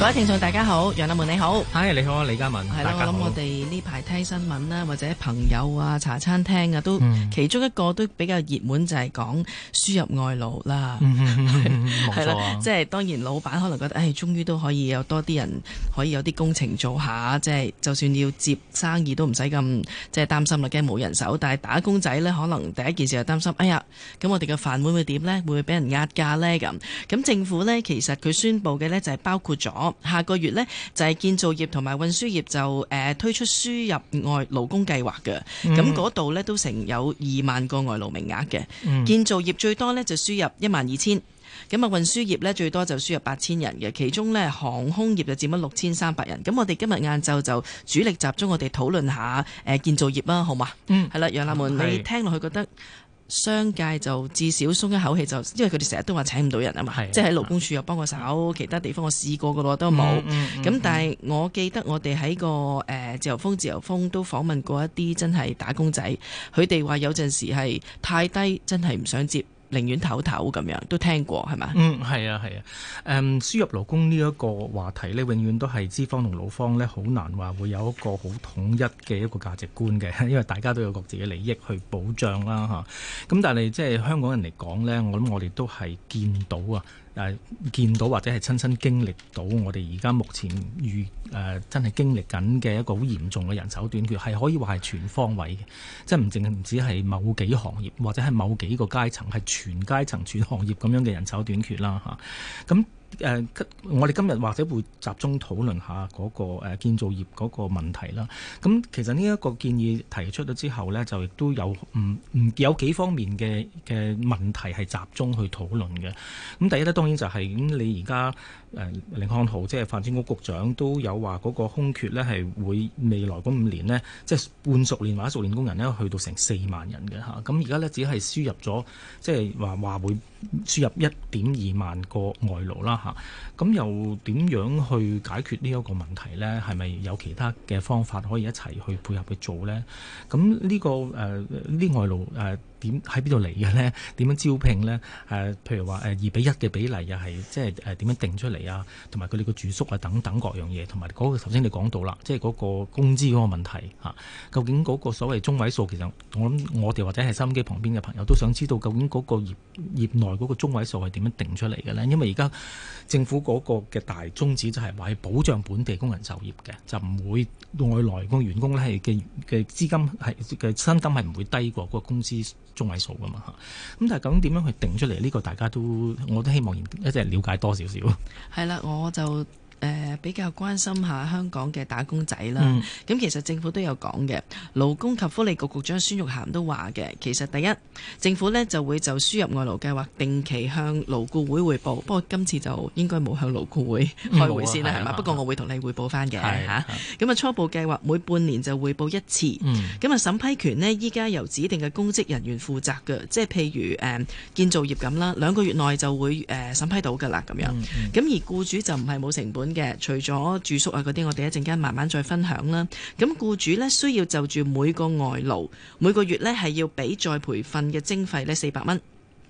各位聽眾大家好，楊立文你好，嗨，你好啊李嘉文，係啦的，我諗我哋呢排聽新聞啦，或者朋友啊、茶餐廳啊，都、嗯、其中一個都比較熱門就係講輸入外勞啦，係啦，啊、即係當然老闆可能覺得，誒終於都可以有多啲人可以有啲工程做下，即係就算要接生意都唔使咁即係擔心啦，驚冇人手。但係打工仔咧，可能第一件事就擔心，哎呀，咁我哋嘅飯碗會會點咧？會唔會俾人壓價咧？咁咁政府咧，其實佢宣布嘅咧就係包括咗。下個月呢，就係、是、建造業同埋運輸業就誒、呃、推出輸入外勞工計劃嘅，咁嗰度呢，都成有二萬個外勞名額嘅。嗯、建造業最多呢就輸入一萬二千，咁啊運輸業呢，最多就輸入八千人嘅，其中呢，航空業就佔咗六千三百人。咁我哋今日晏晝就主力集中我哋討論下誒、呃、建造業啦，好嘛？嗯，係啦，楊立門，的你聽落去覺得？商界就至少鬆一口氣就，就因為佢哋成日都話請唔到人啊嘛，即係喺勞工處又幫我搵是的 其他地方我試過㗎咯，都冇。咁、嗯嗯嗯嗯、但係我記得我哋喺個誒、呃、自由風自由風都訪問過一啲真係打工仔，佢哋話有陣時係太低，真係唔想接。寧願唞唞，咁樣都聽過係咪？嗯，係啊，係啊。誒，輸入勞工呢一個話題呢，永遠都係資方同勞方呢，好難話會有一個好統一嘅一個價值觀嘅，因為大家都有各自嘅利益去保障啦吓。咁但係即係香港人嚟講呢，我諗我哋都係見到啊。誒、啊、見到或者係親身經歷到，我哋而家目前遇誒、呃、真係經歷緊嘅一個好嚴重嘅人手短缺，係可以話係全方位嘅，即係唔淨係唔止係某幾行業或者係某幾個階層，係全階層全行業咁樣嘅人手短缺啦嚇。咁、啊誒，uh, 我哋今日或者會集中討論下嗰個誒建造業嗰個問題啦。咁其實呢一個建議提出咗之後呢，就亦都有唔唔有幾方面嘅嘅問題係集中去討論嘅。咁第一咧，當然就係、是、咁你而家。誒凌漢豪即係發展局局長都有話嗰個空缺咧，係會未來嗰五年呢，即係半熟練或者熟練工人呢，去到成四萬人嘅嚇。咁而家咧只係輸入咗，即係話話會輸入一點二萬個外勞啦嚇。咁、啊啊、又點樣去解決呢一個問題呢？係咪有其他嘅方法可以一齊去配合去做呢？咁呢、這個誒呢、呃、外勞誒？呃點喺邊度嚟嘅呢？點樣招聘呢？誒、啊，譬如話誒二比一嘅比例又係即係誒點樣定出嚟啊？同埋佢哋嘅住宿啊等等各樣嘢，同埋嗰個頭先你講到啦，即係嗰個工資嗰個問題、啊、究竟嗰個所謂中位數其實我諗我哋或者係收音機旁邊嘅朋友都想知道究竟嗰個業業內嗰個中位數係點樣定出嚟嘅呢？因為而家政府嗰個嘅大宗旨就係話係保障本地工人就業嘅，就唔會外來工員工呢係嘅嘅資金係嘅薪金係唔會低過嗰個工資。中位數噶嘛嚇，咁但係究竟點樣去定出嚟？呢個大家都我都希望一隻了解多少少。係啦，我就。誒、呃、比較關心下香港嘅打工仔啦，咁、嗯、其實政府都有講嘅，勞工及福利局局長孫玉菡都話嘅，其實第一政府咧就會就輸入外勞計劃定期向勞顧會匯報，不過今次就應該冇向勞顧會開會先啦，係嘛、啊？吧啊、不過我會同你匯報翻嘅，嚇、啊。咁啊，啊初步計劃每半年就匯報一次，咁啊審批權咧依家，由指定嘅公職人員負責嘅，即係譬如誒、呃、建造業咁啦，兩個月內就會誒審、呃、批到噶啦，咁樣，咁、嗯嗯、而雇主就唔係冇成本。嘅，除咗住宿啊嗰啲，我哋一陣間慢慢再分享啦。咁僱主咧需要就住每個外勞每個月咧係要俾再培訓嘅經費咧四百蚊。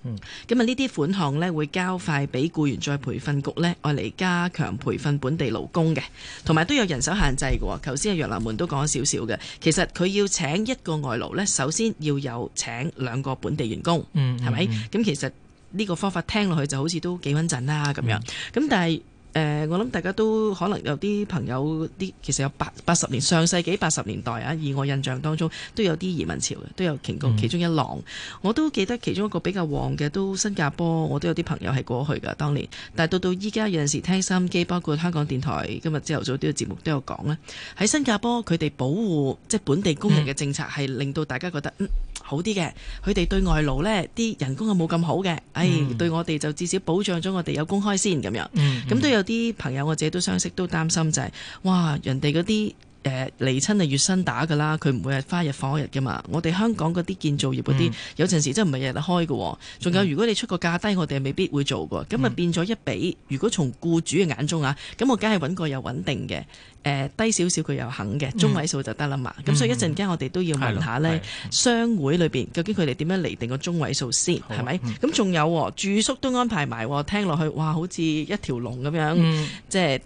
嗯，咁啊呢啲款項咧會交快俾僱員再培訓局咧，愛嚟，加強培訓本地勞工嘅，同埋都有人手限制嘅。頭先阿楊立門都講咗少少嘅，其實佢要請一個外勞咧，首先要有請兩個本地員工。嗯，係咪吧？咁、嗯、其實呢個方法聽落去就好似都幾穩陣啦咁樣。咁、嗯、但係。呃、我諗大家都可能有啲朋友啲，其實有八八十年上世紀八十年代啊，以我印象當中都有啲移民潮嘅，都有捲過其中一浪。嗯、我都記得其中一個比較旺嘅都新加坡，我都有啲朋友係過去㗎，當年。但到到依家有陣時聽收音機，包括香港電台今日朝頭早呢個節目都有講啦，喺新加坡佢哋保護即係、就是、本地工人嘅政策係、嗯、令到大家覺得嗯。好啲嘅，佢哋對外勞呢啲人工又冇咁好嘅，唉、mm hmm. 哎，對我哋就至少保障咗我哋有工開先咁樣，咁、mm hmm. 都有啲朋友我自己都相識都擔心就係、是，哇，人哋嗰啲。誒、呃、離親係月薪打㗎啦，佢唔會係花日放一日㗎嘛。我哋香港嗰啲建造業嗰啲，嗯、有陣時真係唔係日日開喎、啊。仲有，如果你出個價低，我哋係未必會做喎。咁啊變咗一比，嗯、如果從僱主嘅眼中啊，咁我梗係揾個又穩定嘅、呃，低少少佢又肯嘅、嗯、中位數就得啦嘛。咁、嗯、所以一陣間我哋都要問下咧，商會裏面究竟佢哋點樣嚟定個中位數先係咪？咁仲有、啊、住宿都安排埋、啊，聽落去哇，好似一條龍咁樣，嗯、即係。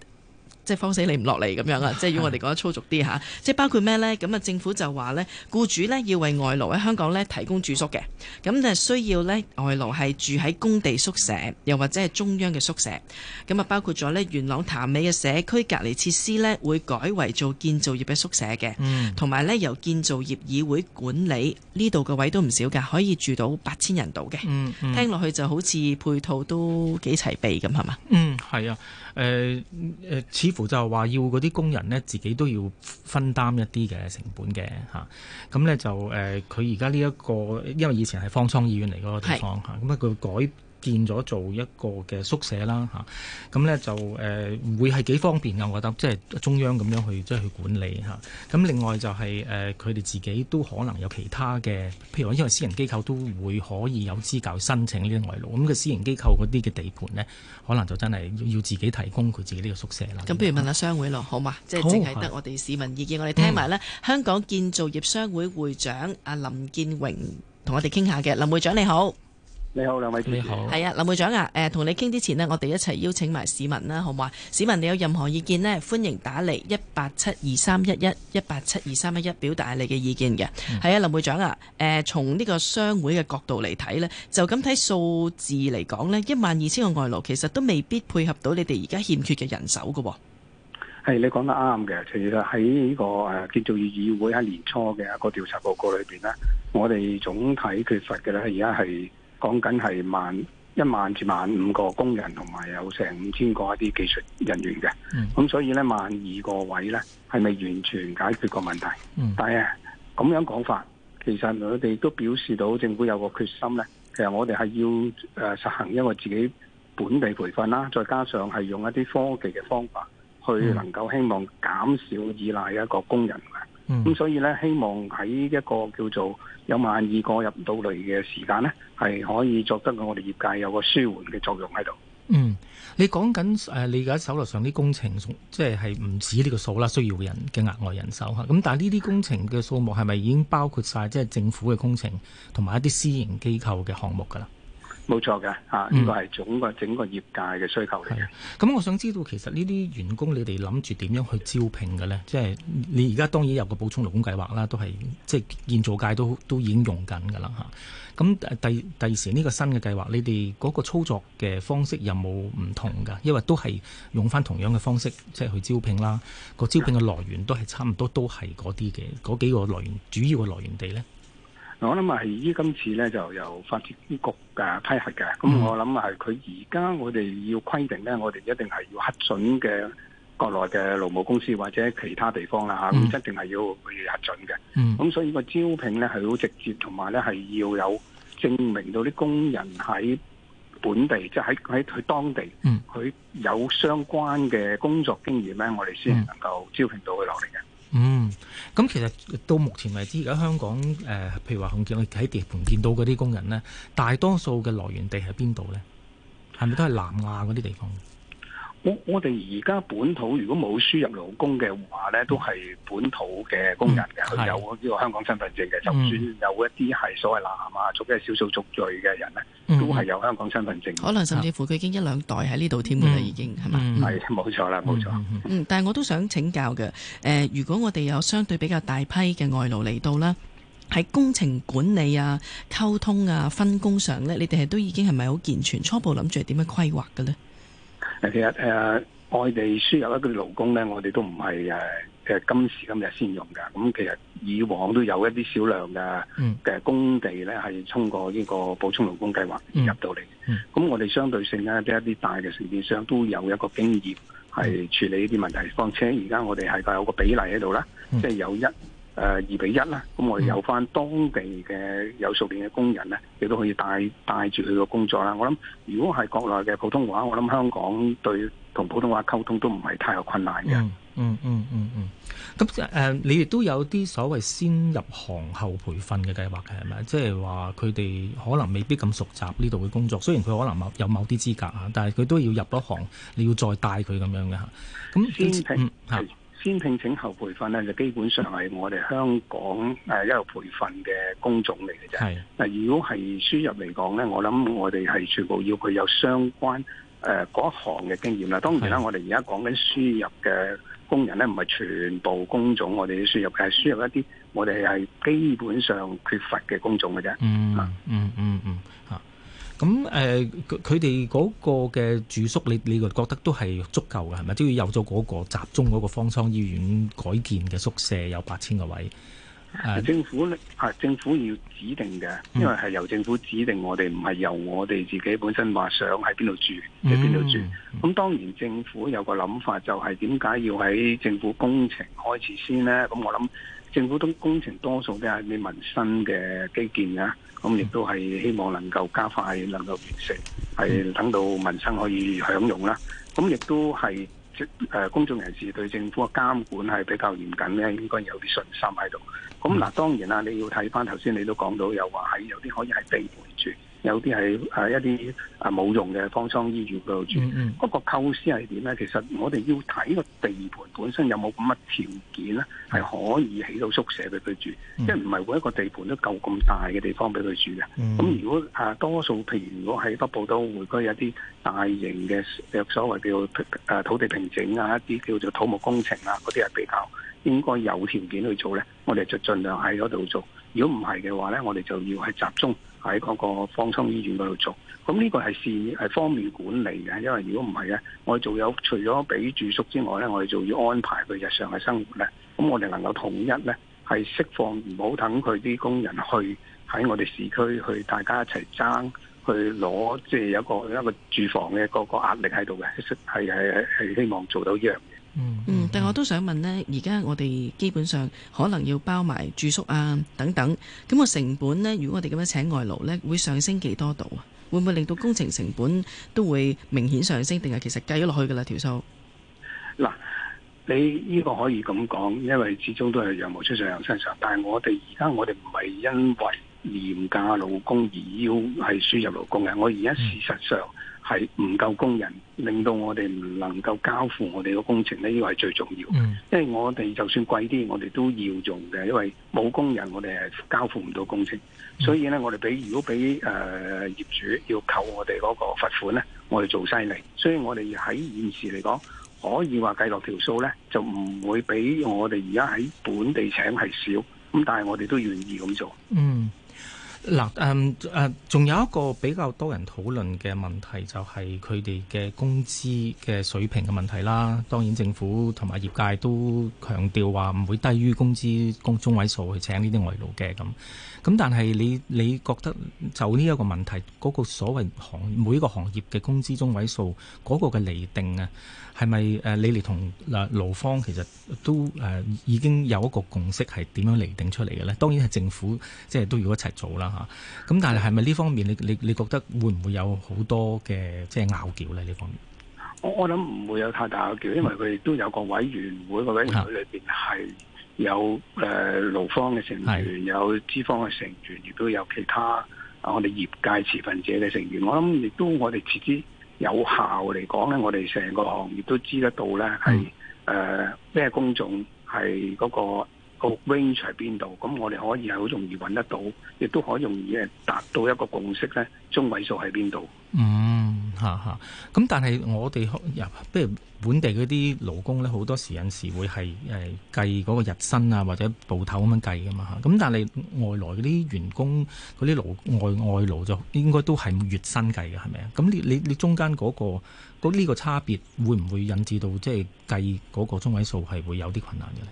即係慌死你唔落嚟咁樣啊！即係如果我哋講得粗俗啲下，是的 即係包括咩呢？咁啊，政府就話呢，僱主呢要為外勞喺香港呢提供住宿嘅。咁咧需要呢，外勞係住喺工地宿舍，又或者係中央嘅宿舍。咁啊，包括咗呢元朗潭尾嘅社區隔離設施呢，會改為做建造業嘅宿舍嘅。同埋呢，由建造業議會管理，呢度嘅位都唔少噶，可以住到八千人度嘅。嗯，嗯。聽落去就好似配套都幾齊備咁，係嘛？嗯，係啊。誒、呃呃、似乎就係話要嗰啲工人咧，自己都要分擔一啲嘅成本嘅嚇。咁咧就誒，佢而家呢一個，因為以前係方艙醫院嚟嗰個地方嚇，咁是啊，佢改。建咗做一個嘅宿舍啦，咁呢就誒、呃、會係幾方便嘅，我覺得即係中央咁樣去即係去管理，咁另外就係佢哋自己都可能有其他嘅，譬如話因為私人機構都會可以有資格申請呢啲外勞，咁、那、佢、個、私人機構嗰啲嘅地盤呢，可能就真係要自己提供佢自己呢個宿舍啦。咁譬如問下商會咯，好嘛？哦、即係淨係得我哋市民意見，的我哋聽埋呢、嗯、香港建造業商會會長阿林健榮同我哋傾下嘅，林會長你好。你好，兩位你好。係啊，林會長啊，誒，同你傾之前呢，我哋一齊邀請埋市民啦，好唔好？市民你有任何意見呢？歡迎打嚟一八七二三一一一八七二三一一表達下你嘅意見嘅。係、嗯、啊，林會長啊，誒，從呢個商會嘅角度嚟睇呢，就咁睇數字嚟講呢，一萬二千個外勞其實都未必配合到你哋而家欠缺嘅人手噶。係你講得啱嘅，其實喺呢個誒建造業議會喺年初嘅一個調查報告裏邊呢，我哋總體缺乏嘅呢，而家係。講緊係萬一萬至萬五個工人，同埋有成五千個一啲技術人員嘅，咁、mm. 所以呢，萬二個位呢係未完全解決個問題。Mm. 但係咁樣講法，其實我哋都表示到政府有個決心呢。其實我哋係要誒實行一個自己本地培訓啦，再加上係用一啲科技嘅方法，去能夠希望減少依賴一個工人。咁、嗯、所以咧，希望喺一個叫做有萬二個入唔到嚟嘅時間咧，係可以作得到我哋業界有個舒緩嘅作用喺度。嗯，你講緊誒，你而家手頭上啲工程，即係係唔止呢個數啦，需要的人嘅額外人手吓。咁但係呢啲工程嘅數目係咪已經包括晒即係政府嘅工程同埋一啲私營機構嘅項目噶啦冇錯嘅，啊，呢、呢個係總個整個業界嘅需求嚟嘅。咁我想知道，其實呢啲員工你哋諗住點樣去招聘嘅咧？即係你而家當然有個補充勞工計劃啦，都係即係建造界都都已經用緊㗎啦，吓，咁第第時呢個新嘅計劃，你哋嗰個操作嘅方式有冇唔同㗎？因為都係用翻同樣嘅方式，即係去招聘啦。個招聘嘅來源都係差唔多都，都係嗰啲嘅嗰幾個來源主要嘅來源地咧。我諗啊，係於今次咧就由發展局啊批核嘅，咁、嗯、我諗啊，係佢而家我哋要規定咧，我哋一定係要核准嘅國內嘅勞務公司或者其他地方啦，吓咁、嗯、一定係要要核准嘅。咁、嗯、所以個招聘咧係好直接，同埋咧係要有證明到啲工人喺本地，即係喺喺佢當地，佢有相關嘅工作經驗咧，我哋先能夠招聘到佢落嚟嘅。嗯，咁其實到目前為止，而家香港誒、呃，譬如話控我喺地盤見到嗰啲工人呢，大多數嘅來源地係邊度呢？係咪都係南亞嗰啲地方？我我哋而家本土如果冇輸入勞工嘅話咧，都係本土嘅工人嘅，佢有呢個香港身份證嘅。就算有一啲係所謂南亞族嘅少數族裔嘅人咧，都係有香港身份證。可能甚至乎佢已經一兩代喺呢度添嘅啦，已經係嘛？係冇錯啦，冇錯。嗯，但係我都想請教嘅，誒，如果我哋有相對比較大批嘅外勞嚟到啦，喺工程管理啊、溝通啊、分工上咧，你哋係都已經係咪好健全？初步諗住係點樣規劃嘅咧？其實誒、啊，外地輸入一啲勞工咧，我哋都唔係誒，誒、啊、今時今日先用噶。咁、嗯、其實以往都有一啲少量嘅嘅工地咧，係通過呢個補充勞工計劃入到嚟。咁、嗯嗯、我哋相對性咧，一啲大嘅承建商都有一個經驗係處理呢啲問題。況、嗯、且而家我哋係有個比例喺度啦，嗯、即係有一。誒二比一啦，咁、呃、我哋有翻當地嘅有熟練嘅工人咧，亦都、嗯、可以帶帶住佢個工作啦。我諗如果係國內嘅普通話，我諗香港對同普通話溝通都唔係太有困難嘅、嗯。嗯嗯嗯嗯。咁、嗯、誒、嗯呃，你亦都有啲所謂先入行後培訓嘅計劃嘅係咪？即係話佢哋可能未必咁熟習呢度嘅工作，雖然佢可能有某啲資格，但係佢都要入咗行，你要再帶佢咁樣嘅嚇。咁聽先聘請後培訓咧，就基本上係我哋香港誒、呃、一個培訓嘅工種嚟嘅啫。嗱是，如果係輸入嚟講咧，我諗我哋係全部要佢有相關誒嗰、呃、行嘅經驗啦。當然啦，我哋而家講緊輸入嘅工人咧，唔係全部工種我輸，我哋要輸入嘅係輸入一啲我哋係基本上缺乏嘅工種嘅啫、嗯。嗯嗯嗯嗯。嗯咁誒，佢哋嗰個嘅住宿你，你你覺得都係足夠嘅係咪？都要、就係、有咗嗰個集中嗰個方艙醫院改建嘅宿舍，有八千個位。政府咧，係、啊，政府要指定嘅，因為係由政府指定我哋，唔係由我哋自己本身話想喺邊度住喺邊度住。咁、嗯、當然政府有個諗法，就係點解要喺政府工程開始先呢？咁我諗政府工程多數都係民生嘅基建啊，咁亦都係希望能夠加快，能夠完成，係等到民生可以享用啦。咁亦都係。誒，公眾人士對政府嘅監管係比較嚴謹咧，應該有啲信心喺度。咁嗱，當然啦，你要睇返頭先，你都講到有話喺有啲可以係備援住。有啲係、啊、一啲、啊、冇用嘅方艙醫院嗰度住，不過、mm hmm. 構思係點咧？其實我哋要睇個地盤本身有冇咁嘅條件咧，係可以起到宿舍俾佢住，即係唔係每一個地盤都夠咁大嘅地方俾佢住嘅。咁、mm hmm. 如果、啊、多數譬如如果喺北部都會區一啲大型嘅，所謂叫誒土地平整啊，一啲叫做土木工程啊，嗰啲係比較應該有條件去做咧，我哋就盡量喺嗰度做。如果唔係嘅話咧，我哋就要係集中。喺嗰個方艙醫院嗰度做，咁呢個係是係方便管理嘅，因為如果唔係咧，我哋仲有除咗俾住宿之外咧，我哋仲要安排佢日常嘅生活咧，咁我哋能夠統一咧，係釋放唔好等佢啲工人去喺我哋市區去大家一齊爭去攞，即係有一個一個住房嘅嗰個，個壓力喺度嘅，係係係希望做到呢樣。嗯，嗯，但係我都想問咧，而家我哋基本上可能要包埋住宿啊，等等，咁個成本咧，如果我哋咁樣請外勞咧，會上升幾多度啊？會唔會令到工程成本都會明顯上升？定係其實計咗落去噶啦條數？嗱，你呢個可以咁講，因為始終都係羊毛出在羊身上。但係我哋而家我哋唔係因為廉價勞工而要係輸入勞工嘅，我而家事實上。係唔夠工人，令到我哋唔能夠交付我哋個工程呢。呢個係最重要。嗯。因為我哋就算貴啲，我哋都要用嘅，因為冇工人，我哋係交付唔到工程。嗯、所以咧，我哋俾如果俾誒、呃、業主要扣我哋嗰個罰款咧，我哋做犀利。所以我哋喺現時嚟講，可以話計落條數咧，就唔會比我哋而家喺本地請係少。咁但係我哋都願意咁做。嗯。嗱，誒誒，仲有一個比較多人討論嘅問題，就係佢哋嘅工資嘅水平嘅問題啦。當然，政府同埋業界都強調話唔會低於工資工中位數去請呢啲外勞嘅咁。咁但係你你覺得就呢一個問題，嗰個所謂行每個行業嘅工資中位數嗰個嘅釐定啊，係咪誒你哋同嗱勞方其實都誒已經有一個共識係點樣釐定出嚟嘅咧？當然係政府即係都要一齊做啦嚇。咁但係係咪呢方面你你你覺得會唔會有好多嘅即係拗撬咧呢方面？我我諗唔會有太大拗撬，因為佢哋都有個委員會，個、嗯、委員會裏邊係。有誒勞、呃、方嘅成員，有資方嘅成員，亦都有其他啊，我哋業界持份者嘅成員，我諗亦都我哋持之有效嚟講咧，我哋成個行業都知得到咧，係誒咩工種係嗰、那個。個 range 係邊度？咁我哋可以係好容易揾得到，亦都可容易係達到一個共識咧。中位數喺邊度？嗯，嚇嚇。咁但係我哋譬如本地嗰啲勞工咧，好多時有時會係誒計嗰個日薪啊，或者部頭咁樣計噶嘛嚇。咁但係外來嗰啲員工嗰啲勞外外勞就應該都係月薪計嘅，係咪啊？咁你你你中間嗰、嗰呢個差別會唔會引致到即係、就是、計嗰個中位數係會有啲困難嘅咧？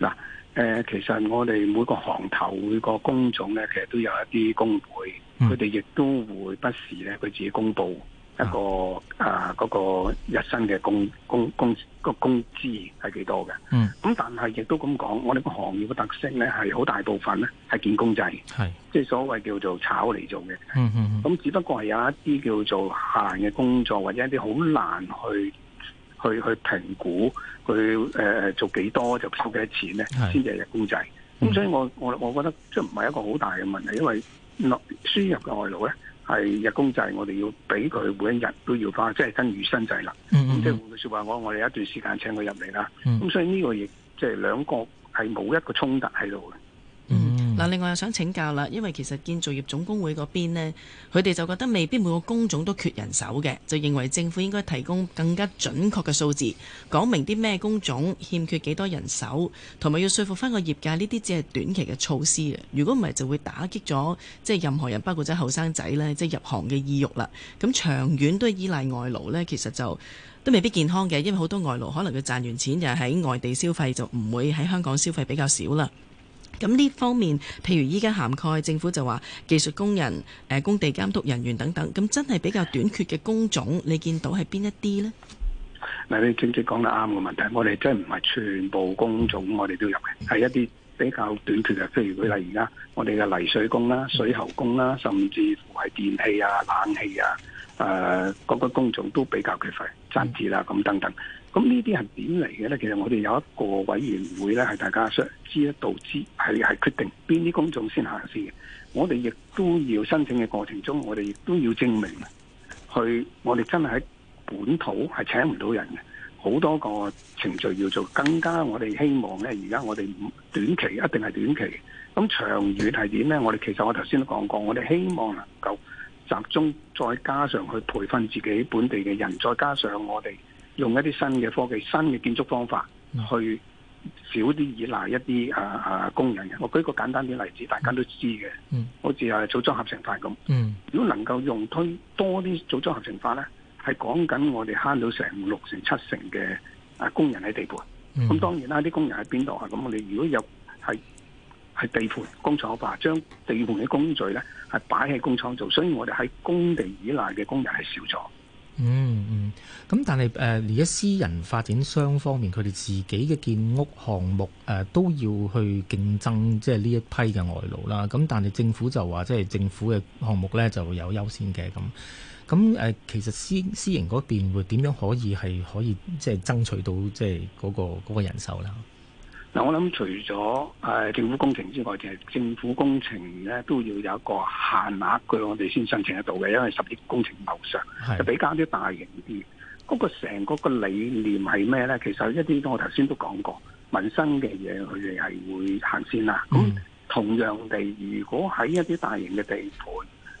嗱，誒，其實我哋每個行頭每個工種咧，其實都有一啲工會，佢哋亦都會不時咧，佢自己公布一個啊嗰個日薪嘅工工工個工資係幾多嘅。嗯，咁但係亦都咁講，我哋個行業嘅特色咧係好大部分咧係件工制，係是即係所謂叫做炒嚟做嘅、嗯。嗯嗯咁只不過係有一啲叫做下欄嘅工作或者一啲好難去。去去評估，去誒做幾多就收幾多錢咧，先至係日工制。咁所以我我我覺得即係唔係一個好大嘅問題，因為外輸入嘅外勞咧係日工制，我哋要俾佢每一日都要返，即係跟月薪制啦。即係換句説話，hmm. 是說我我哋一段時間請佢入嚟啦。咁所以呢個亦即係兩個係冇一個衝突喺度嘅。Mm hmm. 嗱，另外又想請教啦，因為其實建造業總工會嗰邊呢，佢哋就覺得未必每個工種都缺人手嘅，就認為政府應該提供更加準確嘅數字，講明啲咩工種欠缺幾多人手，同埋要說服翻個業界，呢啲只係短期嘅措施嘅。如果唔係，不就會打擊咗即任何人，包括咗後生仔，即入行嘅意欲啦。咁長遠都係依賴外勞呢，其實就都未必健康嘅，因為好多外勞可能佢賺完錢又喺外地消費，就唔會喺香港消費比較少啦。咁呢方面，譬如依家涵蓋政府就話技術工人、誒工地監督人員等等，咁真係比較短缺嘅工種，你見到係邊一啲呢？嗱，你正正講得啱個問題，我哋真係唔係全部工種我哋都入嘅，係一啲比較短缺嘅，譬如舉例而家我哋嘅泥水工啦、水喉工啦，甚至乎係電器啊、冷氣啊、誒、呃、各、個工種都比較缺乏，真置啦，咁等等。咁呢啲係點嚟嘅呢？其實我哋有一個委員會呢係大家知一度知係係決定邊啲工種先行先嘅。我哋亦都要申請嘅過程中，我哋亦都要證明，去我哋真係喺本土係請唔到人嘅，好多個程序要做。更加我哋希望呢。而家我哋短期一定係短期。咁長遠係點呢？我哋其實我頭先都講過，我哋希望能夠集中，再加上去培訓自己本地嘅人，再加上我哋。用一啲新嘅科技、新嘅建築方法，去少啲依賴一啲啊啊工人嘅。我舉個簡單啲例子，大家都知嘅。嗯、好似係組裝合成法咁，嗯、如果能夠用推多啲組裝合成法咧，係講緊我哋慳到成六成七成嘅啊工人喺地盤。咁、嗯、當然啦，啲工人喺邊度啊？咁我哋如果有係係地盤工廠化，將地盤嘅工序咧係擺喺工廠做，所以我哋喺工地依賴嘅工人係少咗。嗯嗯，咁、嗯、但係誒而家私人發展商方面，佢哋自己嘅建屋項目誒、呃、都要去競爭，即係呢一批嘅外勞啦。咁但係政府就話，即係政府嘅項目咧就有優先嘅咁。咁、呃、其實私私營嗰邊會點樣可以係可以即係爭取到即係嗰個嗰個人手啦？嗱，我諗除咗誒政府工程之外，就係政府工程咧都要有一個限額，佢我哋先申請得到嘅，因為十億工程樓上就比較啲大型啲。嗰、嗰個成個個理念係咩咧？其實一啲我頭先都講過，民生嘅嘢佢哋係會先行先啦。咁、嗯、同樣地，如果喺一啲大型嘅地盤，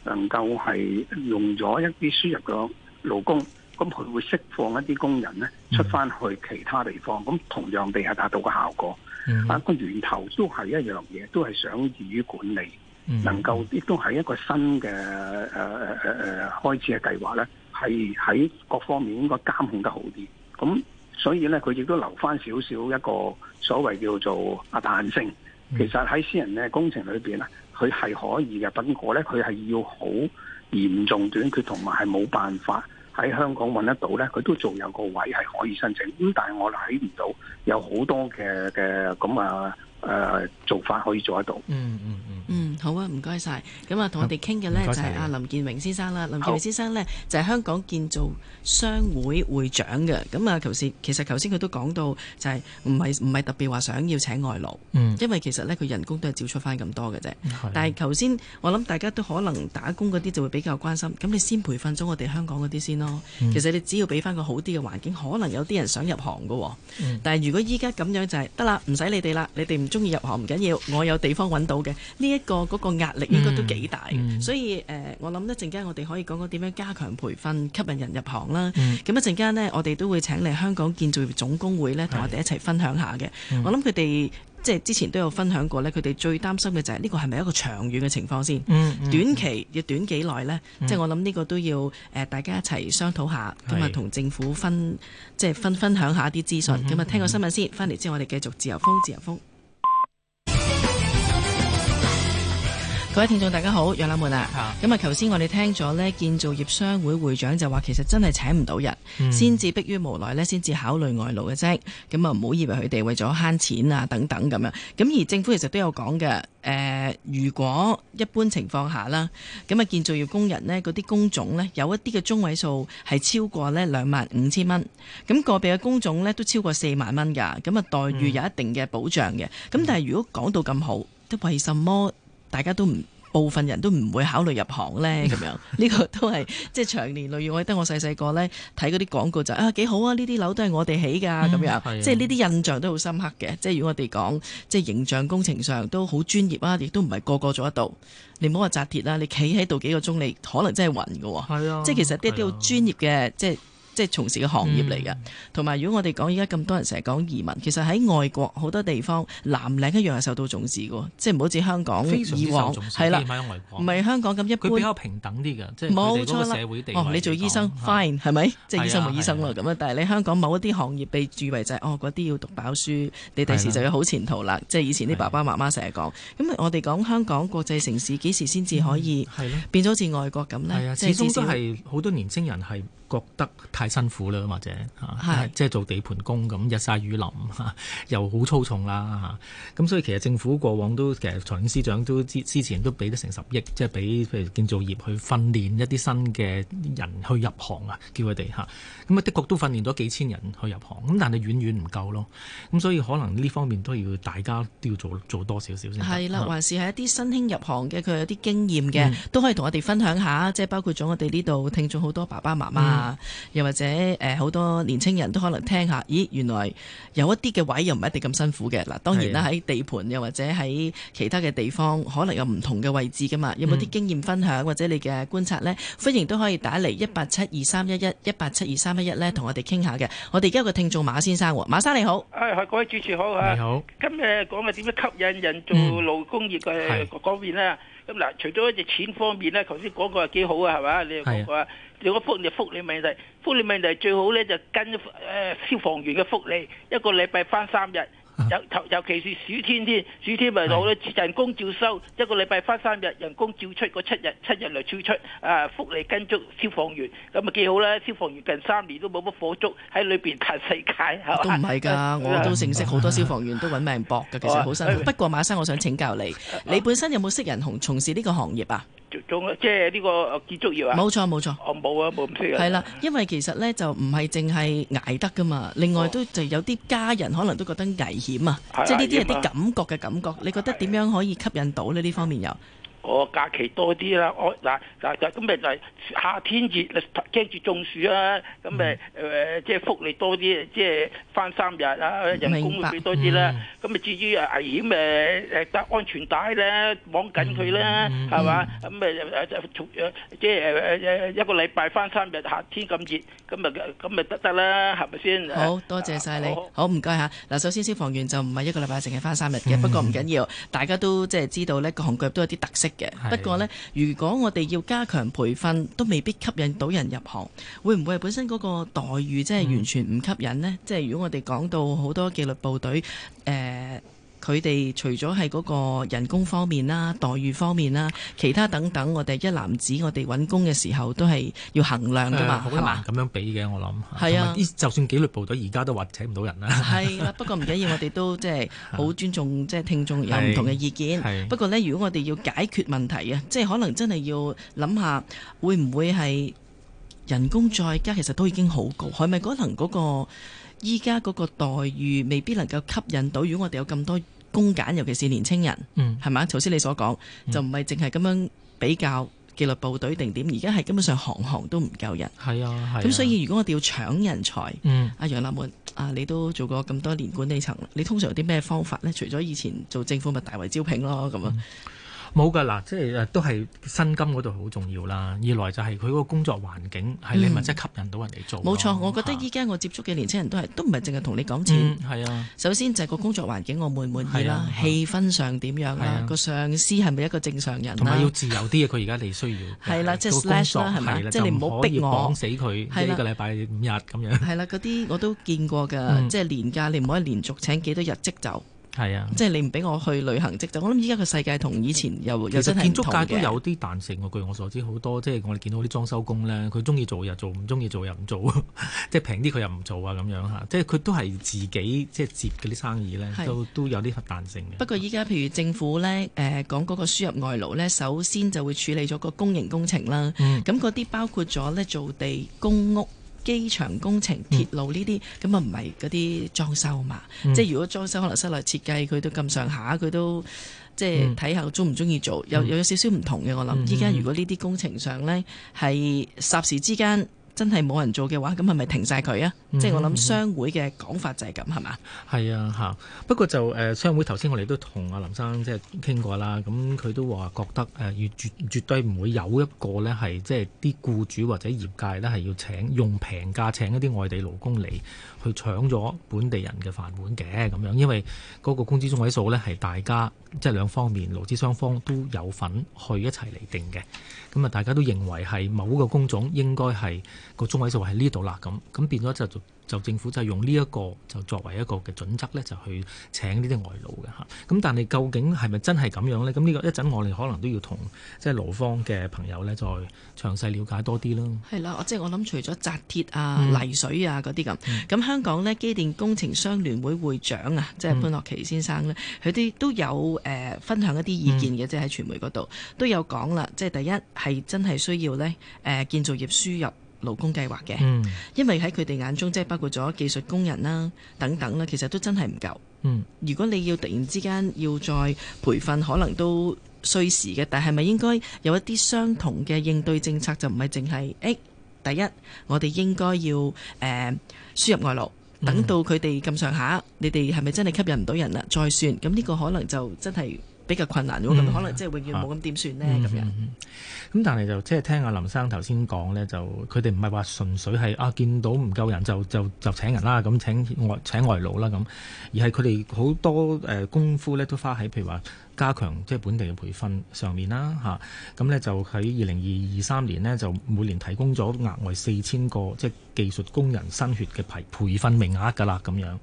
能夠係用咗一啲輸入嘅勞工。咁佢會釋放一啲工人咧，出翻去其他地方，咁、嗯、同樣地係達到個效果。啊、嗯，個源頭都係一樣嘢，都係想易於管理、嗯、能夠，亦都係一個新嘅誒誒誒開始嘅計劃咧，係喺各方面應該監控得好啲。咁所以咧，佢亦都留翻少少一個所謂叫做啊彈性。嗯、其實喺私人嘅工程裏邊啊，佢係可以嘅，不過咧佢係要好嚴重短缺同埋係冇辦法。喺香港揾得到咧，佢都仲有一個位係可以申請。咁但係我睇唔到有好多嘅嘅咁啊。呃、做法可以做得到。嗯嗯嗯。嗯，嗯，嗯，好啊，唔該晒。咁啊，同我哋傾嘅呢謝謝就係阿、啊、林健榮先生啦。林健榮先生呢，好就係香港建造商會會長嘅。咁啊，頭先其實頭先佢都講到就係唔係唔係特別話想要請外勞。嗯、因為其實呢，佢人工都係照出翻咁多嘅啫。嗯、但係頭先我諗大家都可能打工嗰啲就會比較關心。咁你先培訓咗我哋香港嗰啲先咯。嗯、其實你只要俾翻個好啲嘅環境，可能有啲人想入行㗎喎、哦。嗯、但係如果依家咁樣就係得啦，唔使你哋啦，你哋唔。中意入行唔緊要，我有地方揾到嘅呢一個嗰、嗰個壓力應該都幾大的。嗯嗯、所以誒、呃、我諗一陣間我哋可以講講點樣加強培訓吸引人入行啦。咁一陣間咧，我哋都會請嚟香港建造業總工會咧，同我哋一齊分享一下嘅。嗯、我諗佢哋即係之前都有分享過咧，佢哋最擔心嘅就係呢個係咪一個長遠嘅情況先？嗯嗯、短期要短幾耐咧？即係、嗯、我諗呢個都要誒、呃、大家一齊商討下，咁啊同政府分即係、就是、分、嗯、分享一下啲資訊。咁啊、嗯，聽個新聞先。翻嚟、嗯嗯、之後我哋繼續自由風自由風。各位聽眾，大家好，養眼們啊，咁啊好，頭先我哋聽咗咧，建造業商會會長就話，其實真係請唔到人，先至、嗯、迫於無奈咧，先至考慮外勞嘅啫。咁啊，唔好以為佢哋為咗慳錢啊等等咁樣。咁而政府其實都有講嘅，誒、呃，如果一般情況下啦，咁啊，建造業工人呢嗰啲工種呢，有一啲嘅中位數係超過呢兩萬五千蚊，咁個別嘅工種呢都超過四萬蚊㗎。咁啊，待遇有一定嘅保障嘅。咁、嗯、但係如果講到咁好，都為什麼大家都唔，部分人都唔會考慮入行咧，咁樣呢，呢個都係即係長年累月。 我記得我細細個咧睇嗰啲廣告就，啊幾好啊，呢啲樓都係我哋起㗎，咁樣，嗯、即係呢啲印象都好深刻嘅。即係如果我哋講即係形象工程上都好專業啊，亦都唔係個個做得到。你唔好話紮鐵啦，你企喺度幾個鐘，你可能真係暈㗎喎。係啊的，即係其實啲啲好專業嘅的即係即係從事嘅行業嚟嘅，同埋如果我哋講，而家咁多人成日講移民，其實喺外國好多地方藍領一樣係受到重視嘅，即係唔好似香港以往係啦，唔係香港咁一般。比較平等啲嘅，即係佢哋嗰個社會地位哦，你做醫生 fine 係咪？即係醫生同醫生啦咁啊。但係你香港某一啲行業被注為就係哦，嗰啲要讀飽書，你第時就要好前途啦。即係以前啲爸爸媽媽成日講，咁我哋講香港國際城市幾時先至可以係咧變咗？似外國咁呢？係始終都係好多年輕人係。覺得太辛苦啦，或者嚇，即係是做地盤工咁日曬，雨淋，嚇又好粗重啦，嚇咁所以其實政府過往都其實財政司長都之之前都俾得成十億，即係俾譬如建造業去訓練一啲新嘅人去入行啊，叫佢哋嚇咁啊，的確都訓練咗幾千人去入行，咁但係遠遠唔夠咯，咁所以可能呢方面都要大家都要做做多少少先得。係啦，還是係一啲新興入行嘅，佢有啲經驗嘅，嗯、都可以同我哋分享下，即係包括咗我哋呢度聽眾好多爸爸媽媽。嗯又或者誒，好、呃、多年青人都可能聽下，咦？原來有一啲嘅位又唔一定咁辛苦嘅。嗱，當然啦，喺的地盤又或者喺其他嘅地方，可能有唔同嘅位置噶嘛。有冇啲經驗分享或者你嘅觀察呢？歡迎都可以打嚟一八七二三一一一八七二三一一咧，同我哋傾下嘅。我哋而家個聽眾馬先生，馬生你好。誒，各位主持好、啊、你好。今日講嘅點樣吸引人做勞工業嘅嗰邊咧？嗯咁嗱，除咗只錢方面咧，頭先講過話幾好啊，係咪啊？你又講過啊，如果的福利福利問題，福利問題最好咧就跟消防員嘅福利，一個禮拜翻三日。尤尤其是暑天天，暑天咪同咧人工照收，的一個禮拜返三日，人工照出個七日，七日嚟，照出，啊，福利跟足消防員咁咪幾好啦！消防員近三年都冇乜火燭喺裏邊嘆世界，係嘛？都唔係噶，我都認識好多消防員都揾命搏噶，其實好辛苦。啊、不過馬生，我想請教你，啊、你本身有冇識人同從事呢個行業啊？即係呢個建築業啊？冇錯冇錯，我冇、哦、啊冇唔係啦，因為其實呢就唔係淨係捱得噶嘛，另外都就有啲家人可能都覺得危險啊，哦、即係呢啲係啲感覺嘅感覺。啊、你覺得點樣可以吸引到呢呢、啊、方面又？我假期多啲啦，我嗱嗱咁咪就係夏天熱，驚住中暑啊！咁咪誒即係福利多啲，即係翻三日啊，人工會俾多啲啦。咁啊至於啊危險誒誒得安全帶啦，綁緊佢啦，係嘛？咁啊即係即係誒誒一個禮拜翻三日，夏天咁熱，咁啊咁啊得得啦，係咪先？好多謝晒你，好唔該吓。嗱，首先消防員就唔係一個禮拜淨係翻三日嘅，不過唔緊要，大家都即係知道咧，各行各業都有啲特色。嘅，不過呢，如果我哋要加強培訓，都未必吸引到人入行。會唔會本身嗰個待遇即係完全唔吸引呢？嗯、即係如果我哋講到好多紀律部隊誒。呃佢哋除咗係嗰個人工方面啦、啊、待遇方面啦、啊，其他等等，我哋一男子我哋揾工嘅時候都係要衡量㗎嘛，好嘛、啊，咁樣比嘅我諗。係啊，想啊就算紀律部隊而家都話請唔到人啦。係啦、啊，不過唔緊要，我哋都即係好尊重即係、啊、聽眾有唔同嘅意見。不過呢，如果我哋要解決問題啊，即、就、係、是、可能真係要諗下會唔會係人工再加，其實都已經好高，係咪可能嗰、那個？依家嗰個待遇未必能夠吸引到，如果我哋有咁多公揀，尤其是年輕人，係咪、嗯？頭先你所講、嗯、就唔係淨係咁樣比較紀律部隊定點，而家係根本上行行都唔夠人。係啊，係、啊。咁所以如果我哋要搶人才，阿、嗯啊、楊立門，啊你都做過咁多年管理層，你通常有啲咩方法呢？除咗以前做政府咪大圍招聘咯，咁冇噶嗱，即係誒都係薪金嗰度好重要啦。二來就係佢嗰個工作環境，係咪即係吸引到人哋做？冇錯，我覺得依家我接觸嘅年輕人都係都唔係淨係同你講錢。係啊，首先就係個工作環境我滿唔滿意啦，氣氛上點樣啊？個上司係咪一個正常人？同埋要自由啲啊！佢而家你需要。係啦，即係工作係咪？即係你唔好逼我講死佢。係啦。一個禮拜五日咁樣。係啦，嗰啲我都見過㗎，即係年假你唔可以連續請幾多日即就。係啊，即係你唔俾我去旅行，即就我諗依家個世界同以前，又其實建築界都有啲彈性喎。據我所知，好多即係我哋見到啲裝修工呢，佢中意做又做，唔中意做又唔做， 做，即係平啲佢又唔做啊咁樣嚇。即係佢都係自己即係接嗰啲生意呢，都是都有啲彈性嘅。不過依家譬如政府呢，誒講嗰個輸入外勞呢，首先就會處理咗個公營工程啦。咁嗰啲包括咗呢造地公屋、機場工程、鐵路呢啲咁啊，唔係嗰啲裝修嘛，嗯、即係如果裝修可能室內設計佢都咁上下，佢都即係睇下鍾唔鍾意做，嗯、有有少少唔同嘅我諗。依家如果呢啲工程上呢，係霎時之間。真係冇人做嘅話，咁係咪停晒佢啊？即係我諗商會嘅講法就係咁係嘛？係啊吓，不過就商會頭先我哋都同阿林生即係傾過啦，咁佢都話覺得誒要、呃、絕、絕對唔會有一個呢係即係啲僱主或者業界呢係要請用平價請一啲外地勞工嚟。佢搶咗本地人嘅飯碗嘅咁樣，因為嗰個工資中位數呢，係大家即係、就是、兩方面勞資雙方都有份去一齊嚟定嘅，咁啊大家都認為係某個工種應該係、個中位數喺呢度啦，咁咁變咗就。就政府就用呢一個就作為一個嘅準則咧，就去請呢啲外勞嘅吓。咁但係究竟係咪真係咁樣咧？咁呢個一陣我哋可能都要同即係羅方嘅朋友咧，再詳細了解多啲咯。係啦，即係我諗除咗紮鐵啊、嗯、泥水啊嗰啲咁，咁、嗯、香港咧機電工程商聯會會長啊，嗯、即係潘樂琪先生咧，佢哋都有誒、呃、分享一啲意見嘅、嗯，即係喺傳媒嗰度都有講啦。即係第一係真係需要咧誒、呃、建造業輸入。勞工計劃嘅，嗯、因為喺佢哋眼中，即係包括咗技術工人啦等等啦，其實都真係唔夠。嗯、如果你要突然之間要再培訓，可能都需時嘅。但係咪應該有一啲相同嘅應對政策？就唔係淨係誒，第一我哋應該要誒、呃、輸入外勞，等到佢哋咁上下，嗯、你哋係咪真係吸引唔到人啦？再算咁呢個可能就真係。比較困難喎，咁可能即係永遠冇咁點算呢？咁樣、嗯。咁、嗯嗯嗯嗯、但係就即係聽阿林生頭先講咧，就佢哋唔係話純粹係啊見到唔夠人就就就請人啦，咁請外請外勞啦咁，而係佢哋好多誒、呃、功夫咧都花喺譬如話加強即係、就是、本地嘅培訓上面啦嚇。咁、啊、咧就喺二零二二三年呢，就每年提供咗額外四千個即。技術工人新血嘅培培訓名額㗎啦，咁樣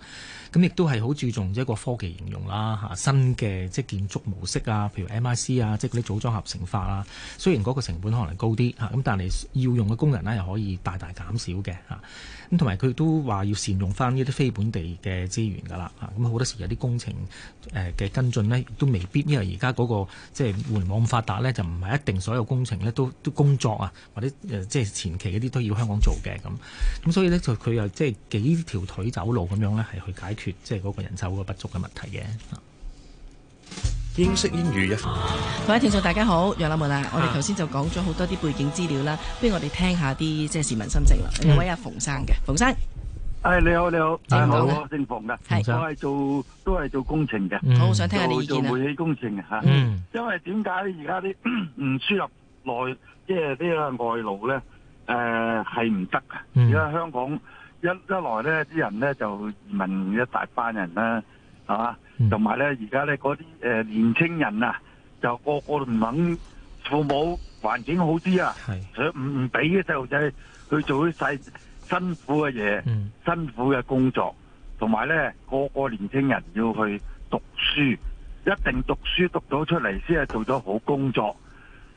咁亦都係好注重一個科技應用啦，嚇，新嘅即係建築模式啊，譬如 MIC 啊，即係啲組裝合成化啦。雖然嗰個成本可能高啲嚇，咁但係要用嘅工人咧又可以大大減少嘅嚇。咁同埋佢都話要善用翻呢啲非本地嘅資源㗎啦。咁好多時有啲工程誒嘅跟進咧，都未必，因為而家嗰個即係互聯網發達咧，就唔係一定所有工程咧都都工作啊，或者誒即係前期嗰啲都要香港做嘅咁。咁所以咧就佢又即係幾條腿走路咁樣咧，係去解決即係嗰個人手嘅不足嘅問題嘅。英式英語啊，各位聽眾大家好，楊立文啊，我哋頭先就講咗好多啲背景資料啦，不如我哋聽下啲即係市民心聲啦。有位阿馮生嘅，馮生，誒你好你好，你好，我姓馮嘅，係我係做都係做工程嘅，我好想聽下你意見啊。做煤氣工程啊吓，因為點解而家啲唔輸入內即係啲啊外勞咧？誒，係唔得噶！而家、嗯、香港一一來咧，啲人咧就移民一大班人啦，係嘛？同埋咧，而家咧嗰啲誒年青人啊，就個個都唔肯，父母環境好啲啊，是所以唔唔俾啲細路仔去做啲細辛苦嘅嘢，嗯、辛苦嘅工作，同埋咧個個年青人要去讀書，一定讀書讀咗出嚟先係做咗好工作。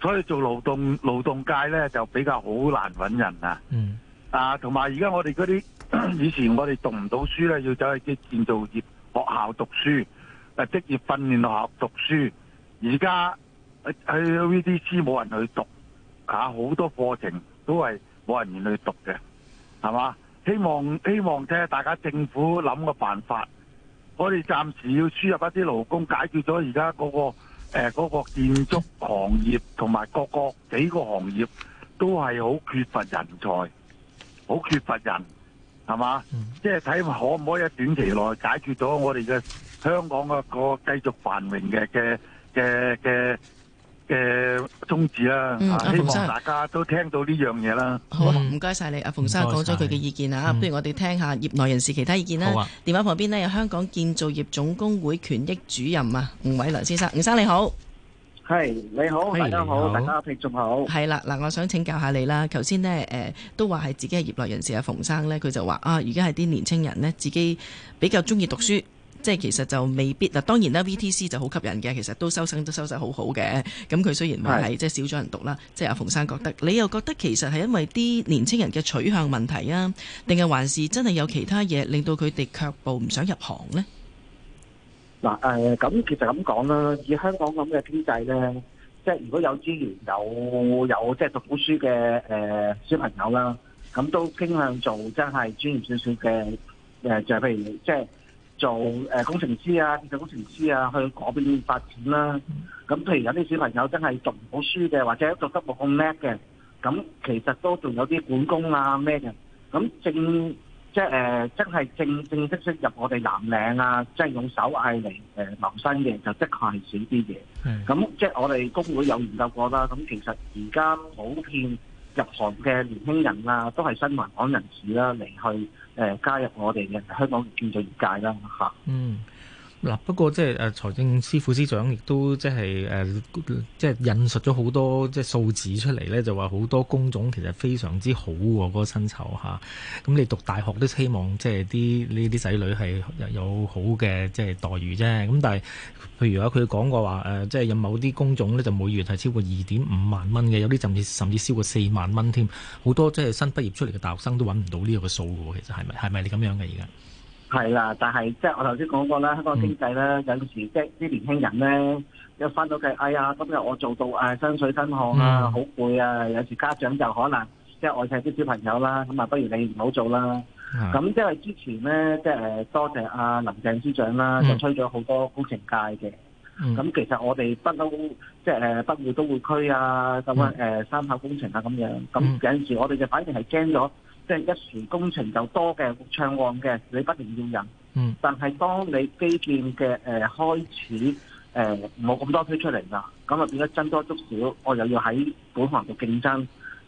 所以做勞動勞動界咧就比較好難搵人啊，嗯、啊同埋而家我哋嗰啲以前我哋讀唔到書咧，要走去啲建造業學校讀書，誒、呃、職業訓練學校讀書，而家喺 VDC 冇人去讀，啊好多課程都係冇人去讀嘅，係嘛？希望希望即係大家政府諗個辦法，我哋暫時要輸入一啲勞工，解決咗而家嗰個。誒嗰、呃那個建築行業同埋各個幾個行業都係好缺乏人才，好缺乏人，係嘛？嗯、即係睇可唔可以喺短期內解決咗我哋嘅香港嘅個繼續繁榮嘅嘅嘅嘅。嘅宗旨啦、啊，嗯啊、希望大家都聽到呢樣嘢啦。啊、好嗎，唔該晒你，阿馮生講咗佢嘅意見啦。不如我哋聽下業內人士其他意見啦。啊、電話旁邊呢，有香港建造業總工會權益主任啊，吳偉樑先生，吳生你好。係、hey, 你好，hey, 大家好，好大家聽眾好。係啦，嗱，我想請教下你啦。頭先呢，誒、呃、都話係自己係業內人士啊，馮生呢，佢就話啊，而家係啲年青人呢，自己比較鍾意讀書。嗯即係其實就未必嗱，當然啦，VTC 就好吸引嘅，其實都收生都收得好好嘅。咁佢雖然話係即係少咗人讀啦，即係阿馮生覺得，你又覺得其實係因為啲年青人嘅取向問題啊，定係還是真係有其他嘢令到佢哋卻步唔想入行呢？嗱誒，咁其實咁講啦，以香港咁嘅經濟呢，即係如果有資源有有即係讀書嘅誒小朋友啦，咁都傾向做真係專業少少嘅誒，就係譬如即係。做誒工程師啊，建築工程師啊，去嗰邊發展啦。咁譬如有啲小朋友真係讀唔到書嘅，或者讀得冇咁叻嘅，咁其實都仲有啲管工啊咩嘅。咁正即係誒，真係正正式式入我哋藍領啊，即係用手藝嚟誒謀生嘅，就的確係少啲嘢。咁即係我哋工會有研究過啦。咁其實而家普遍入行嘅年輕人啊，都係新來港人士啦嚟去。誒加入我哋嘅香港建造業界啦嗯。嗱，不過即係誒財政司副司長亦都即係誒，即係引述咗好多即係數字出嚟咧，就話好多工種其實非常之好喎，嗰個薪酬嚇。咁你讀大學都希望即係啲呢啲仔女係有好嘅即係待遇啫。咁但係譬如話，佢講過話誒，即係有某啲工種咧，就每月係超過二點五萬蚊嘅，有啲甚至甚至超過四萬蚊添。好多即係新畢業出嚟嘅大學生都揾唔到呢個數喎，其實係咪係咪你咁樣嘅而家？係啦，但係即係我頭先講過啦，香港經濟咧、嗯、有時即係啲年輕人咧，一翻到佢，哎呀，今日我做到誒薪水薪項啊，好攰、嗯、啊，有時家長就可能即係愛錫啲小朋友啦，咁啊，不如你唔好做啦。咁、嗯、即係之前咧，即係誒多謝阿、啊、林鄭司長啦，嗯、就推咗好多工程界嘅。咁、嗯、其實我哋不嬲即係誒北部都會區啊，咁啊誒三跑工程啊咁樣，咁有陣時我哋就反正係驚咗。即係一時工程就多嘅，暢旺嘅，你不停要人。嗯。但係當你基建嘅誒開始誒冇咁多推出嚟啦，咁啊變咗僧多粥少，我又要喺本行度競爭。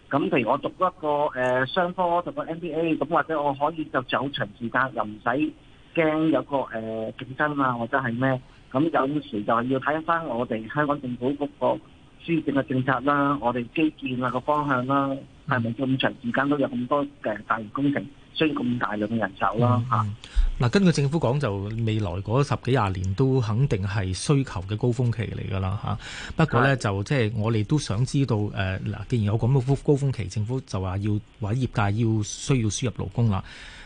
咁譬如我讀一個誒、呃、商科讀個 MBA，咁或者我可以就走長時間，又唔使驚有個誒、呃、競爭啊，或者係咩？咁有時就係要睇翻我哋香港政府，嗰個施政嘅政,政策啦，我哋基建啊個方向啦，係咪咁長時間都有咁多誒大型工程？將咁大量嘅人手啦、啊。嚇、嗯。嗱、嗯啊，根據政府講，就未來嗰十幾廿年都肯定係需求嘅高峰期嚟㗎啦。不過咧的，就即、是、係我哋都想知道嗱、呃，既然有咁嘅高峰期，政府就話要話業界要需要輸入勞工啦。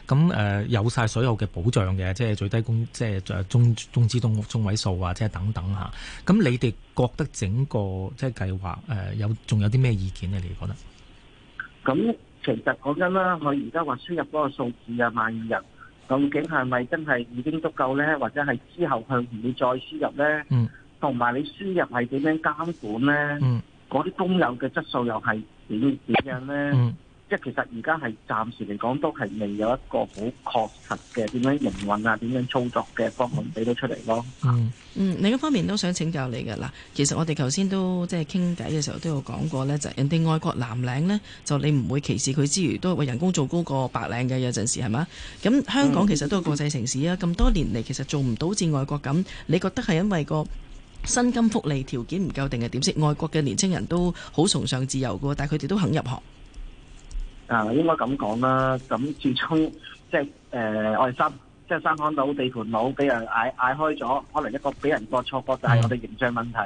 咁、呃、有晒所有嘅保障嘅，即係最低工，即係中中資中中位數啊，即係等等咁、啊、你哋覺得整個即係計劃誒、呃、有仲有啲咩意見咧？你哋覺得？咁。其實講真啦，佢而家話輸入嗰個數字啊，萬二人究竟係咪真係已經足夠呢？或者係之後佢唔會再輸入呢？同埋、嗯、你輸入係點樣監管呢？嗰啲工友嘅質素又係點點樣呢？嗯即其實而家係暫時嚟講，都係未有一個好確實嘅點樣營運啊，點樣操作嘅方案俾到出嚟咯。嗯,嗯，另一方面都想請教你嘅嗱，其實我哋頭先都即係傾偈嘅時候都有講過呢，就是、人哋外國藍領呢，就你唔會歧視佢之餘，都為人工做高過白領嘅。有陣時係嘛，咁香港其實都係國際城市啊。咁、嗯、多年嚟，其實做唔到好似外國咁，你覺得係因為個薪金福利條件唔夠，定係點先？外國嘅年輕人都好崇尚自由嘅，但係佢哋都肯入行。啊，應該咁講啦。咁始終即係誒，我哋三即係三行佬、地盤佬俾人嗌嗌開咗，可能一個俾人覺錯，覺，就係我哋形象問題，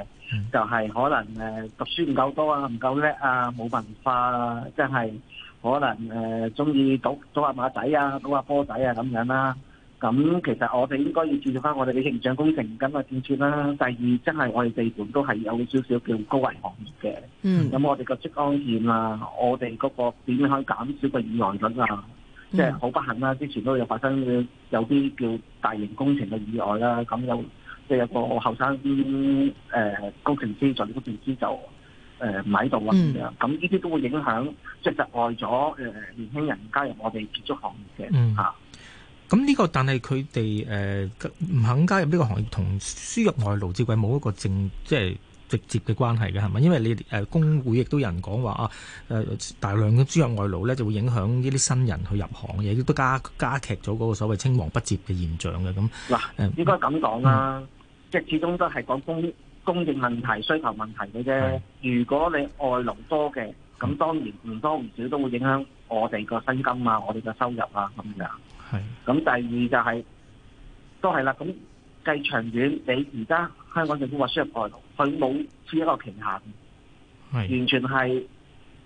就係可能誒讀書唔夠多啊，唔夠叻啊，冇文化啊，即係可能誒中意賭賭下馬仔啊，賭下波仔啊咁樣啦。咁、嗯嗯嗯、其實我哋應該要注意翻我哋嘅形象工程咁嘅建設啦。第二，真係我哋地盤都係有少少叫高危行業嘅。嗯。咁我哋個職安健啊，我哋嗰個點樣可以減少個意外咁啊？即係好不幸啦、啊，之前都有發生有啲叫大型工程嘅意外啦、啊。咁有即係有個後生誒工程師,助理工程師、呃、在嗰邊先就誒唔喺度啊咁，呢啲、嗯嗯、都會影響即係窒礙咗誒年輕人加入我哋建築行業嘅嚇。嗯咁呢個但係佢哋誒唔肯加入呢個行業，同輸入外勞接軌冇一個正即係直接嘅關係嘅係咪？因為你誒工會亦都有人講話啊，誒大量嘅輸入外勞咧，就會影響呢啲新人去入行嘅嘢，亦都加加劇咗嗰個所謂青黃不接嘅現象嘅咁。嗱，呃、應該咁講啦，即係、嗯、始終都係講供供應問題、需求問題嘅啫。的如果你外勞多嘅，咁當然唔多唔少都會影響我哋個薪金啊，我哋嘅收入啊咁樣。係，咁是第二就係、是、都係啦。咁計長遠，你而家香港政府話輸入外勞，佢冇設一個期限，係是完全係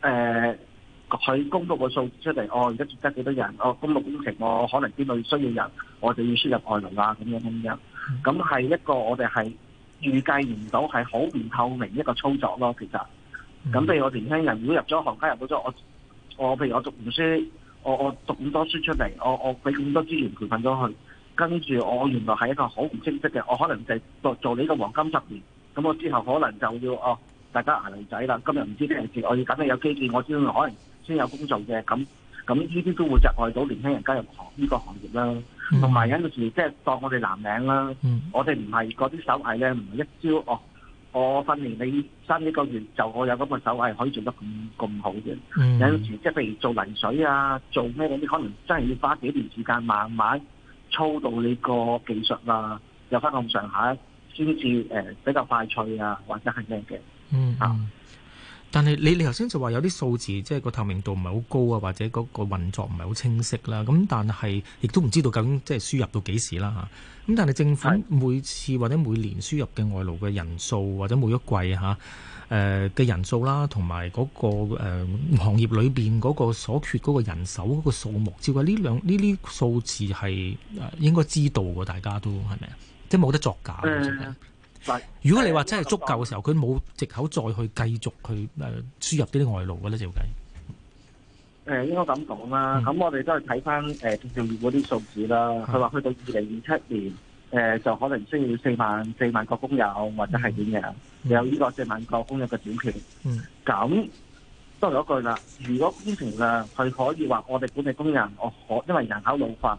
誒，佢、呃、公布個數字出嚟，哦，而家缺得幾多人，哦，公路工程，我、哦、可能邊度需要人，我就要輸入外勞啦、啊，咁樣咁樣，咁係、嗯、一個我哋係預計唔到，係好唔透明一個操作咯。其實，咁譬如我年輕人，如果入咗行，加入到咗我，我，我譬如我讀完書。我我讀咁多書出嚟，我我俾咁多資源培訓咗佢，跟住我原來係一個好唔清晰嘅，我可能就做做呢個黃金十年，咁我之後可能就要哦，大家挨嚟仔啦，今日唔知啲人事，我要等你有基建，我先可能先有工作嘅，咁咁呢啲都會窒礙到年輕人加入行呢、呢個行業啦，同埋、mm. 有陣時即係當我哋藍領啦，我哋唔係嗰啲手藝咧，唔係一招哦。我訓練你三幾個月就我有個嘅手藝可以做得咁咁好嘅，有時即係譬如做泥水啊，做咩嗰啲可能真係要花幾年時間慢慢操到你個技術啊，有翻咁上下先至、呃、比較快脆啊，或者係咩嘅，嗯。啊。但係你你頭先就話有啲數字即係、即係、個透明度唔係好高啊，或者嗰個運作唔係好清晰啦。咁但係亦都唔知道究竟即係輸入到幾時啦嚇。咁但係政府每次或者每年輸入嘅外勞嘅人數，或者每一季嚇誒嘅人數啦，同埋嗰個、呃、行業裏邊嗰個所缺嗰個人手嗰、嗰個數目，照計呢兩呢啲數字係、呃、應該知道嘅，大家都係咪？即係冇得作假。嗯但如果你話真係足夠嘅時候，佢冇、呃、藉口再去繼續去誒、呃、輸入啲啲外勞嘅咧，就計誒應該咁講啦。咁、嗯、我哋都係睇翻誒最重要嗰啲數字啦。佢話、嗯、去到二零二七年，誒、呃、就可能需要四萬四萬個工友或者係點樣，嗯、有呢個四萬個工友嘅短缺。咁、嗯、多咗句啦，如果工程量，佢可以話我哋本地工人，我可因為人口老化。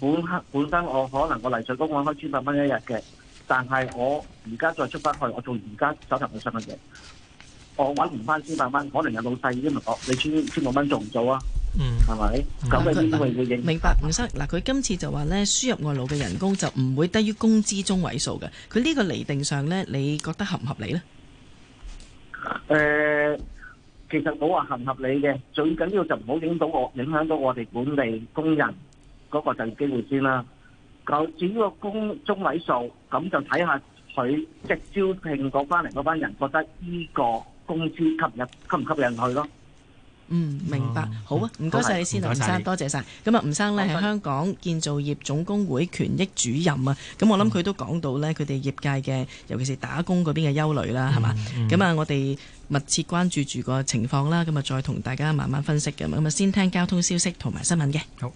本黑本身我可能我嚟水工搵翻千百蚊一日嘅，但係我而家再出翻去，我做而家手頭冇身份證，我搵唔翻千百蚊，可能有老細已經唔學你千千五蚊做唔做啊？嗯，係咪？咁嘅優惠會影明白，先生嗱，佢今次就話咧，輸入外勞嘅人工就唔會低於工資中位數嘅，佢呢個厘定上咧，你覺得合唔合理咧？誒，其實冇話合唔合理嘅，最緊要就唔好影響到我，影響到我哋本地工人。嗰個就機會先啦。至於個工中位數咁就睇下佢即招聘過翻嚟嗰班人覺得呢個工資吸引吸唔吸引佢咯？嗯，明白。好啊。唔該晒你先啊，吳生，多謝晒。咁啊，吳生呢，係香港建造業總工會權益主任啊。咁、嗯、我諗佢都講到呢，佢哋業界嘅尤其是打工嗰邊嘅憂慮啦，係嘛？咁啊，我哋密切關注住個情況啦。咁啊，再同大家慢慢分析嘅。咁啊，先聽交通消息同埋新聞嘅。好。